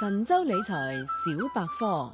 神州理財小百科。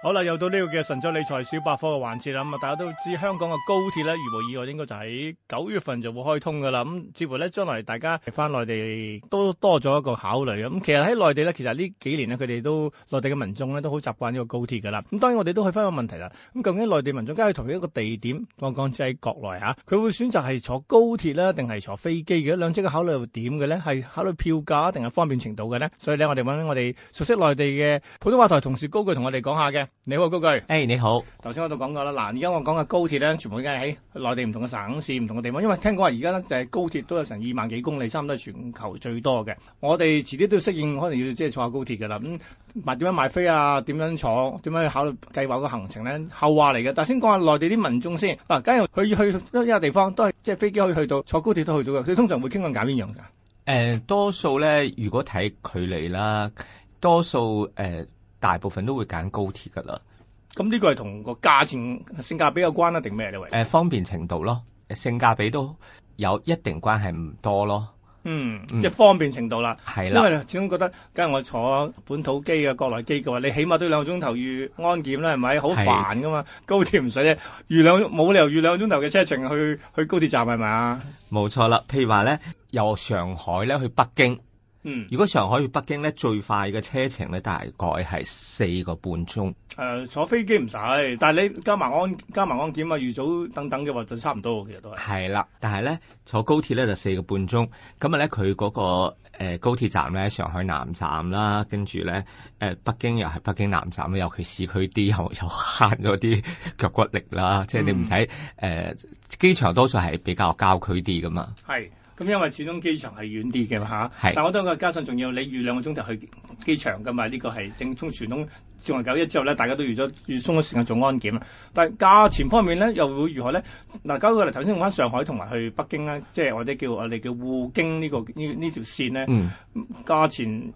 好啦，又到呢個嘅神州理財小百科嘅環節啦，咁啊，大家都知道香港嘅高鐵咧，如無意外應該就喺九月份就會開通噶啦，咁、嗯、似乎咧將來大家翻內地都多咗一個考慮嘅，咁其實喺內地咧，其實呢其實幾年咧，佢哋都內地嘅民眾咧都好習慣呢個高鐵噶啦，咁、嗯、當然我哋都去翻個問題啦，咁、嗯、究竟內地民眾梗係同一個地點，我講即係國內吓、啊，佢會選擇係坐高鐵啦，定係坐飛機嘅？兩者嘅考慮點嘅咧，係考慮票價定係方便程度嘅咧？所以咧，我哋揾我哋熟悉內地嘅普通話台同事高炬同我哋講下嘅。你好高炬，誒你好，頭先、hey, 我都講過啦，嗱而家我講嘅高鐵咧，全部都係喺內地唔同嘅省市、唔同嘅地方，因為聽講話而家咧就係高鐵都有成二萬幾公里，差唔多係全球最多嘅。我哋遲啲都要適應，可能要即係坐下高鐵噶啦。咁買點樣買飛啊？點樣坐？點樣去考慮計劃個行程咧？後話嚟嘅。但先講下內地啲民眾先。嗱，假如佢要去一個地方都是，都係即係飛機可以去到，坐高鐵都可以去到嘅。佢通常會傾向揀邊樣噶？誒、呃，多數咧，如果睇距離啦，多數誒。呃大部分都會揀高鐵噶啦，咁呢個係同個價錢性價比有關啦、啊，定咩咧？喂，誒，方便程度咯，性價比都有一定關係，唔多咯。嗯，嗯即係方便程度啦，係啦係嘅，因為始終覺得，梗係我坐本土機嘅國內機嘅話，你起碼都要兩個鐘頭預安檢啦，係咪？好煩噶嘛，係嘅，高鐵唔使啫，預兩冇理由預兩個鐘頭嘅車程去去高鐵站係咪啊？冇錯啦，譬如話咧，由上海咧去北京。嗯，如果上海去北京咧，最快嘅車程咧大概係四個半鐘。誒、呃，坐飛機唔使，但係你加埋安加埋安檢啊、預早等等嘅話就差唔多，其實都係。係啦，但係咧坐高鐵咧就四個半鐘。咁啊咧，佢嗰、嗰個、呃、高鐵站咧，上海南站啦，跟住咧誒北京又係北京南站啦，尤其市區啲又又慳咗啲腳骨力啦。嗯、即係你唔使誒機場多數係比較郊區啲噶嘛。係。咁因為始終機場係遠啲嘅嚇，但我都覺加上仲要你預兩個鐘頭去機場嘅嘛，呢、這個係正宗傳統，照完九一之後咧，大家都預咗預鬆咗時間做安檢啦。但價錢方面咧，又會如何咧？嗱、啊，交過嚟頭先講翻上海同埋去北京咧，即係我哋叫我哋叫滬京、這個、條線呢個呢呢條線咧，價、嗯、錢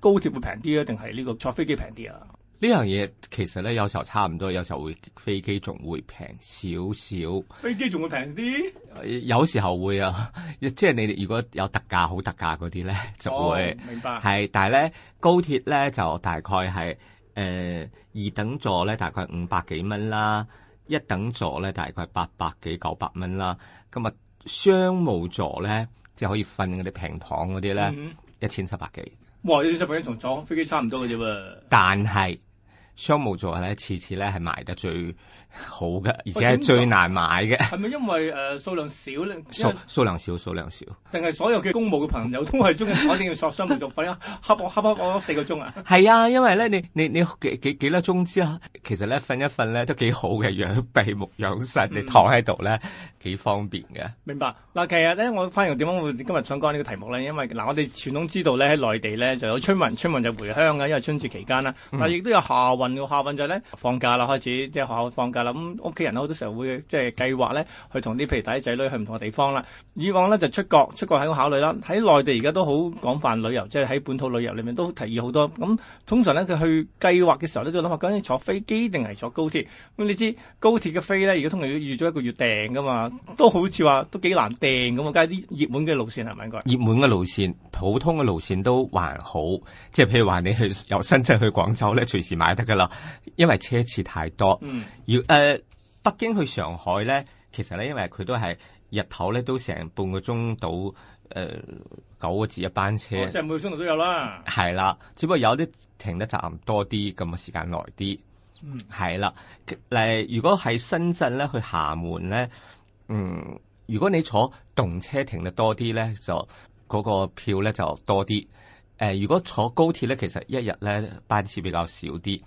高鐵會平啲啊，定係呢個坐飛機平啲啊？呢樣嘢其實咧，有時候差唔多，有時候會飛機仲會平少少。飛機仲會平啲、呃？有時候會啊， 即係你如果有特價好特價嗰啲咧，就會、哦、明白。係，但係咧高鐵咧就大概係誒、呃、二等座咧大概五百幾蚊啦，一等座咧大概八百幾九百蚊啦。咁啊商務座咧即係可以瞓嗰啲平躺嗰啲咧一千七百幾。嗯、哼 1, 哇！一千七百幾，同坐飛機差唔多嘅啫。但係。商務座咧，次次咧係賣得最好嘅，而且係最難買嘅。係咪因為誒、呃、數量少咧？數數量少，數量少。定係所有嘅公務嘅朋友都係鍾意？一定要索商務座瞓 啊！瞌我瞌瞌我四個鐘啊！係啊，因為咧，你你你幾幾幾多鐘之啊？其實咧，瞓一瞓咧都幾好嘅，閉目養神，嗯、你躺喺度咧幾方便嘅。明白嗱，其實咧，我反而點解我今日想講呢個題目咧？因為嗱，我哋傳統知道咧喺內地咧就有春運，春運就回鄉嘅，因為春節期間啦，嗯、但亦都有夏運。要夏運就咧放假啦，開始即係學校放假啦。咁屋企人好多時候會即係計劃咧去同啲譬如帶仔仔女去唔同嘅地方啦。以往咧就出國，出國喺度考慮啦。喺內地而家都好廣泛旅遊，即係喺本土旅遊裡面都提議好多。咁、嗯、通常咧佢去計劃嘅時候咧都諗下究竟坐飛機定係坐高鐵？咁、嗯、你知高鐵嘅飛咧而家通常要預早一個月訂噶嘛，都好似話都幾難訂咁。梗係啲熱門嘅路線係咪應該？熱門嘅路線，普通嘅路線都還好。即係譬如話你去由深圳去廣州咧，隨時買得㗎啦。因為車次太多，要誒、嗯呃、北京去上海咧，其實咧因為佢都係日頭咧都成半個鐘到、呃、九個字一班車，即係每個鐘頭都有啦。係啦，只不過有啲停得站多啲，咁嘅時間耐啲。係啦、嗯呃，如果喺深圳咧去廈門咧，嗯，如果你坐動車停得多啲咧，就嗰、那個票咧就多啲。誒、呃，如果坐高鐵咧，其實一日咧班次比較少啲。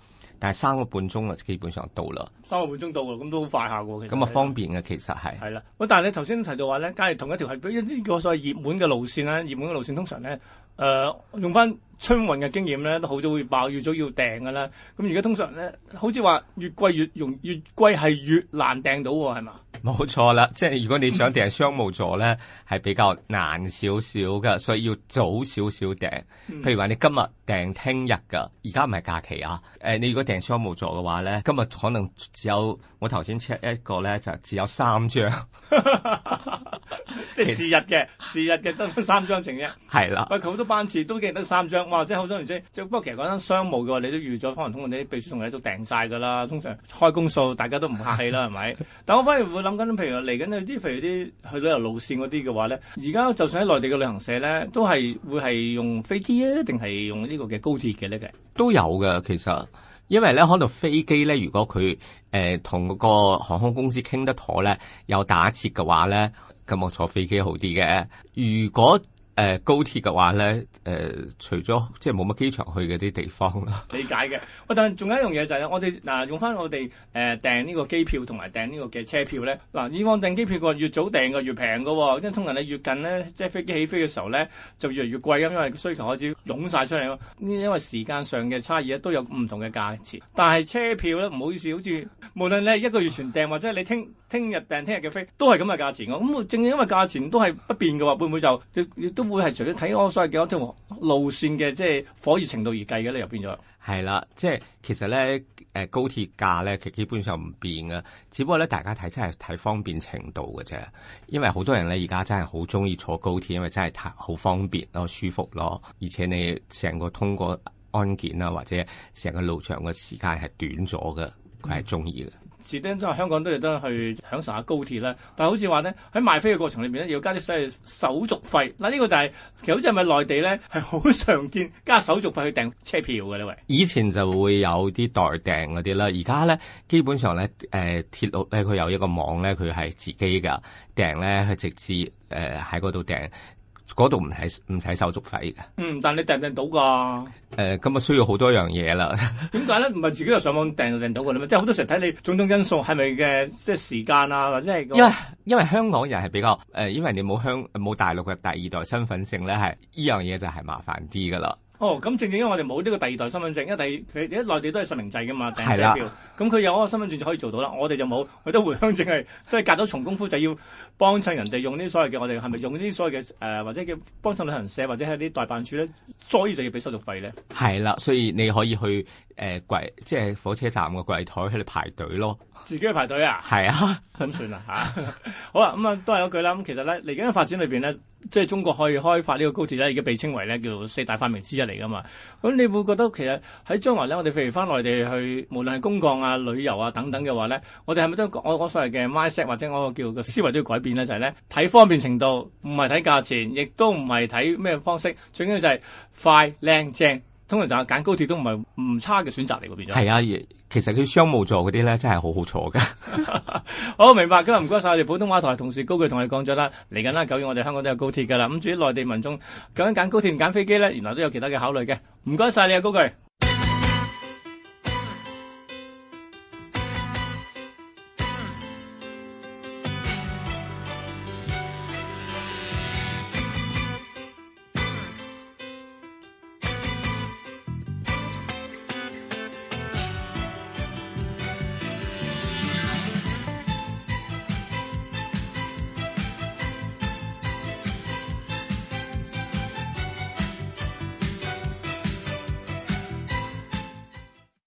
係三個半鐘啦，基本上到啦。三個半鐘到啦，咁都好快下喎。咁啊方便嘅，其實係、啊。係啦，咁但係你頭先提到話咧，假如同一條係一啲叫所謂熱門嘅路線啦，熱門嘅路線通常咧，誒、呃、用翻春運嘅經驗咧，都好早會爆，要早要訂嘅啦。咁而家通常咧，好似話越貴越用，越貴係越難訂到喎，係嘛？冇錯啦，即係如果你想訂商務座咧，係、嗯、比較難少少嘅，所以要早少少訂。譬、嗯、如話你今日訂聽日㗎，而家唔係假期啊。誒、呃，你如果訂商務座嘅話咧，今日可能只有我頭先 check 一個咧，就只有三張， 即係是日嘅，是日嘅得三張剩一係啦，喂，好多班次都記得三張，哇！即係好想唔知。不過其實講緊商務嘅話，你都預咗可能通過你啲秘書同人哋都訂晒㗎啦。通常開公數大家都唔客氣啦，係咪、嗯？但我反而會諗。譬如嚟緊啊啲，譬如啲去旅遊路線嗰啲嘅話咧，而家就算喺內地嘅旅行社咧，都係會係用飛機啊，定係用呢個嘅高鐵嘅咧嘅。都有嘅，其實因為咧，可能飛機咧，如果佢誒同個航空公司傾得妥咧，有打折嘅話咧，咁我坐飛機好啲嘅。如果誒、呃、高鐵嘅話咧，誒、呃、除咗即係冇乜機場去嘅啲地方咯。理解嘅，但係仲有一樣嘢就係我哋嗱用翻我哋誒、呃、訂呢個機票同埋訂呢個嘅車票咧。嗱以往訂機票嘅話越早訂嘅越平㗎，哦，因為通常你越近咧，即係飛機起飛嘅時候咧，就越嚟越貴咁，因為需求開始湧晒出嚟咯。因為時間上嘅差異咧，都有唔同嘅價錢。但係車票咧，唔好意思，好似無論你係一個月前訂或者你聽聽日訂聽日嘅飛，都係咁嘅價錢嘅。咁正因為價錢都係不變嘅話，會唔會就都？會係除咗睇我所謂幾多條路線嘅，即係火熱程度而計嘅，你又變咗。係啦，即係其實咧，誒高鐵價咧，其實基本上唔變嘅。只不過咧，大家睇真係睇方便程度嘅啫。因為好多人咧，而家真係好中意坐高鐵，因為真係太好方便咯、舒服咯，而且你成個通過安檢啊，或者成個路長嘅時間係短咗嘅，佢係中意嘅。嗯自登都話香港都有得去享受下高鐵啦，但係好似話咧喺賣飛嘅過程裏邊咧，要加啲所謂手續費，嗱、這、呢個就係、是、其實好似係咪內地咧係好常見加手續費去訂車票㗎呢？喂，以前就會有啲代訂嗰啲啦，而家咧基本上咧誒、呃、鐵路咧佢有一個網咧佢係自己㗎訂咧，佢直接誒喺嗰度訂。嗰度唔使唔使手續費㗎。嗯，但你訂唔訂到㗎？誒、呃，咁啊需要好多樣嘢啦。點解咧？唔係自己又上網訂就訂到㗎？喇嘛即係好多時候睇你種種因素係咪嘅，即係時間啊，或者係、嗰個。因為因為香港人係比較誒、呃，因為你冇香冇大陸嘅第二代身份證咧，係呢樣嘢就係麻煩啲㗎啦。哦，咁正正因為我哋冇呢個第二代身份證，因為第佢你喺內地都係實名制㗎嘛，訂票。咁佢的有嗰個身份證就可以做到啦，我哋就冇，佢都回鄉證，淨係所以隔咗重功夫就要。幫襯人哋用呢所謂嘅，我哋係咪用啲所謂嘅誒、呃，或者叫幫襯旅行社或者係啲代辦處咧，所以就要俾手續費咧。係啦，所以你可以去誒櫃、呃，即係火車站嘅櫃台喺度排隊咯。自己去排隊啊？係的啊，咁算啦嚇。好、嗯、啦，咁啊都係嗰句啦。咁其實咧，嚟緊嘅發展裏邊咧，即、就、係、是、中國可以開發呢個高鐵咧，已經被稱為咧叫做四大發明之一嚟噶嘛。咁你會覺得其實喺將來咧，我哋譬如返內地去，無論係公幹啊、旅遊啊等等嘅話咧，我哋係咪都我所謂嘅 mindset 或者我個叫個思維都要改？變啦，就係咧睇方便程度，唔係睇價錢，亦都唔係睇咩方式，最緊要就係快、靚、正。通常就係揀高鐵都唔係唔差嘅選擇嚟，變咗。係啊，其實佢商務座嗰啲咧真係好好坐㗎。 好明白，今日唔該晒我哋普通話台同事高炬同你講咗啦，嚟緊啦，九月我哋香港都有高鐵噶啦。咁至於內地民眾究竟揀高鐵唔揀飛機咧，原來都有其他嘅考慮嘅。唔該晒你啊，高炬。